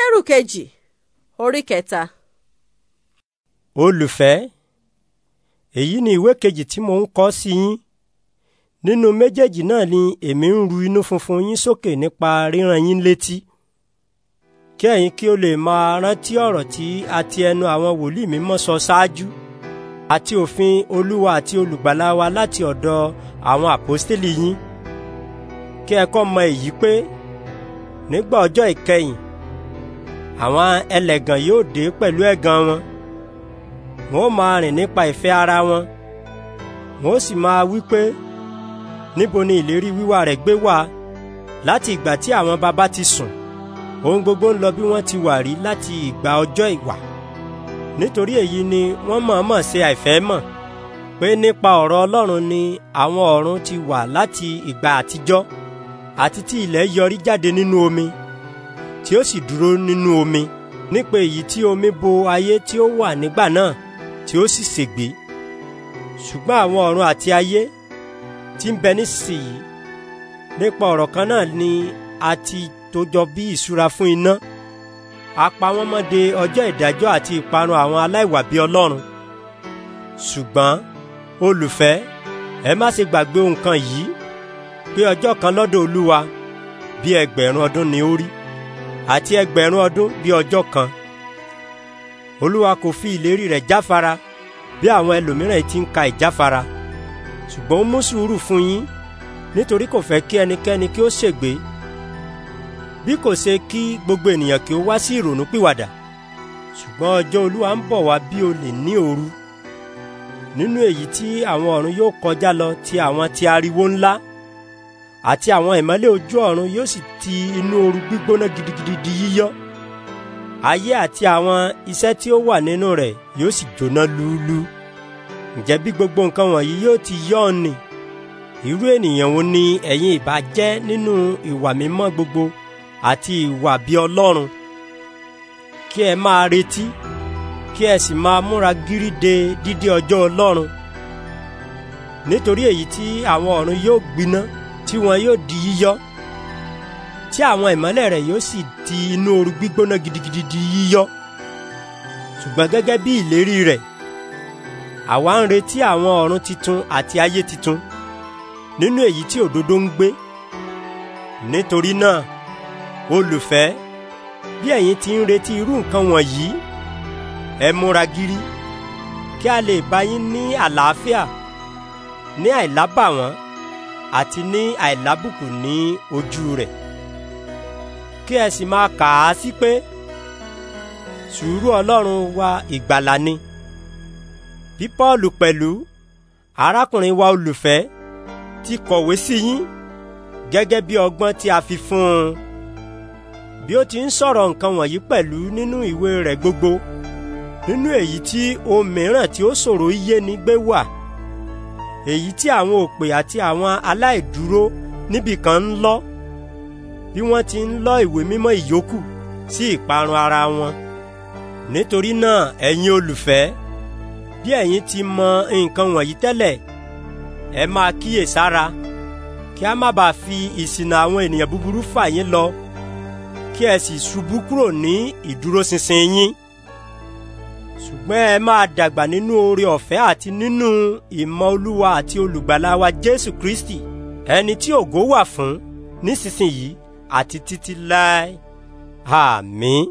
pétérù kejì orí kẹta. olùfẹ́ èyí ni ìwé kejì tí mo ń kọ sí yín nínú méjèèjì náà ni èmi ń ru inú funfun yín sókè nípa ríran yín létí kí ẹ̀yin kí o lè máa rántí ọ̀rọ̀ tí a ti ẹnu àwọn wòlíì mímọ́ sọ ṣáájú àti òfin olúwa àti olùgbàlà wa láti ọ̀dọ̀ àwọn àpọ́stélì yín kí ẹ kọ́ mọ èyí pé nígbà ọjọ́ ìkẹyìn àwọn ẹlẹ́gàn yóò dé pẹ̀lú ẹ̀gàn wọn wọn ó máa rìn nípa ìfẹ́ ara wọn wọn ó sì máa wí pé níbo ni ìlérí wíwá rẹ̀ gbé wá láti ìgbà tí àwọn baba ti sùn ohun gbogbo ń lọ bí wọ́n ti wà rí láti ìgbà ọjọ́ ìwà nítorí èyí ni wọ́n mọ̀ọ́mọ̀ ṣe àìfẹ́ mọ̀ pé nípa ọ̀rọ̀ Ọlọ́run ni àwọn ọ̀run ti wà láti ìgbà àtijọ́ àti tí ilẹ̀ yọrí jáde nínú omi tí ó sì dúró nínú omi nípa èyí tí omi bo ayé tí ó wà nígbà náà tí ó sì ṣègbé ṣùgbọ́n àwọn ọ̀run àti ayé tí ń bẹ nísìnyí nípa ọ̀rọ̀ kan náà ni a ti tó jọ bí ìṣúra fún iná a pa wọ́n mọ́ de ọjọ́ ìdájọ́ àti ìparun àwọn aláìwàbí Ọlọ́run ṣùgbọ́n olùfẹ́ ẹ má ṣe gbàgbé nǹkan yìí pé ọjọ́ kan lọ́dọ̀ Olúwa bí ẹgbẹ̀rún ọdún ni ó rí àti ẹgbẹ̀rún ọdún bí ọjọ́ kan olúwa kò fi ìlérí rẹ̀ jáfara bí àwọn ẹlòmíràn ti ń ka ìjáfara ṣùgbọ́n ó mú sùúrù fún yín nítorí kò fẹ́ kí ẹnikẹ́ni kí ó ṣègbé bí kò ṣe kí gbogbo ènìyàn kí ó wá sí ìrònú pìwàdà ṣùgbọ́n ọjọ́ olúwa ń bọ̀ wá bí olè ní òru nínú èyí tí àwọn ọ̀run yóò kọjá lọ ti àwọn ti ariwo ńlá àti àwọn ìmọ́lẹ̀ ojú ọ̀run yóò sì ti inú ooru gbígbóná gidigidi di yíyọ́ ayé àti àwọn iṣẹ́ tí ó wà nínú rẹ̀ yóò sì jóná lúúlúú ǹjẹ́ bí gbogbo nǹkan wọ̀nyí yóò ti yọ́ ni irú ènìyàn wo ni ẹ̀yin ìbá jẹ́ nínú ìwà mímọ́ gbogbo àti ìwà bí Ọlọ́run kí ẹ máa retí kí ẹ sì máa múra gírí de dídé ọjọ́ Ọlọ́run nítorí èyí tí àwọn ọ̀run yóò gbiná tí wọn yóò di yíyọ tí àwọn ìmọ́lẹ̀ rẹ̀ yóò sì di inú ooru gbígbóná gidigidi di yíyọ ṣùgbọ́n gẹ́gẹ́ bí ìlérí rẹ̀ àwa ń retí àwọn ọ̀run titun àti ayé titun nínú èyí tí òdodo ń gbé nítorí náà olùfẹ́ bí ẹ̀yin ti ń retí irú nǹkan wọ̀nyí ẹ múra gírí kí a lè bá yín ní àlàáfíà ní àìlábàwọ́n àti ní àìlábùkù ní ojú rẹ̀ kí ẹ sì máa kà á sí pé sùúrù ọlọ́run wa ìgbàlà ni bí Pọ́ọ̀lù pẹ̀lú arákùnrin wa olùfẹ́ ti kọ̀wé sí yín gẹ́gẹ́ bí ọgbọ́n tí a fi fún un bí ó ti ń sọ̀rọ̀ nǹkan wọ̀nyí pẹ̀lú nínú ìwé rẹ̀ gbogbo nínú èyí tí ohun mìíràn tí ó ṣòro yé ni gbé wà èyí tí àwọn òpè àti àwọn aláìdúró níbì kan ń lọ bí wọ́n ti ń lọ ìwé mímọ́ ìyókù sí ìparun ara wọn nítorí náà ẹ̀yin olùfẹ́ bí ẹ̀yin ti mọ nǹkan wọ̀nyí tẹ́lẹ̀ ẹ máa kíyèsára kí a má bàa fi ìsìnà àwọn ènìyàn búburú fà yín lọ kí ẹ sì ṣubú kúrò ní ìdúróṣinṣin yín ṣùgbọ́n ẹ máa dàgbà nínú oore ọ̀fẹ́ àti nínú ìmọ̀ olúwa àti olùgbàlà wa jésù kristi ẹni tí ògo wà fún nísinsìnyí àti títí láé àmín.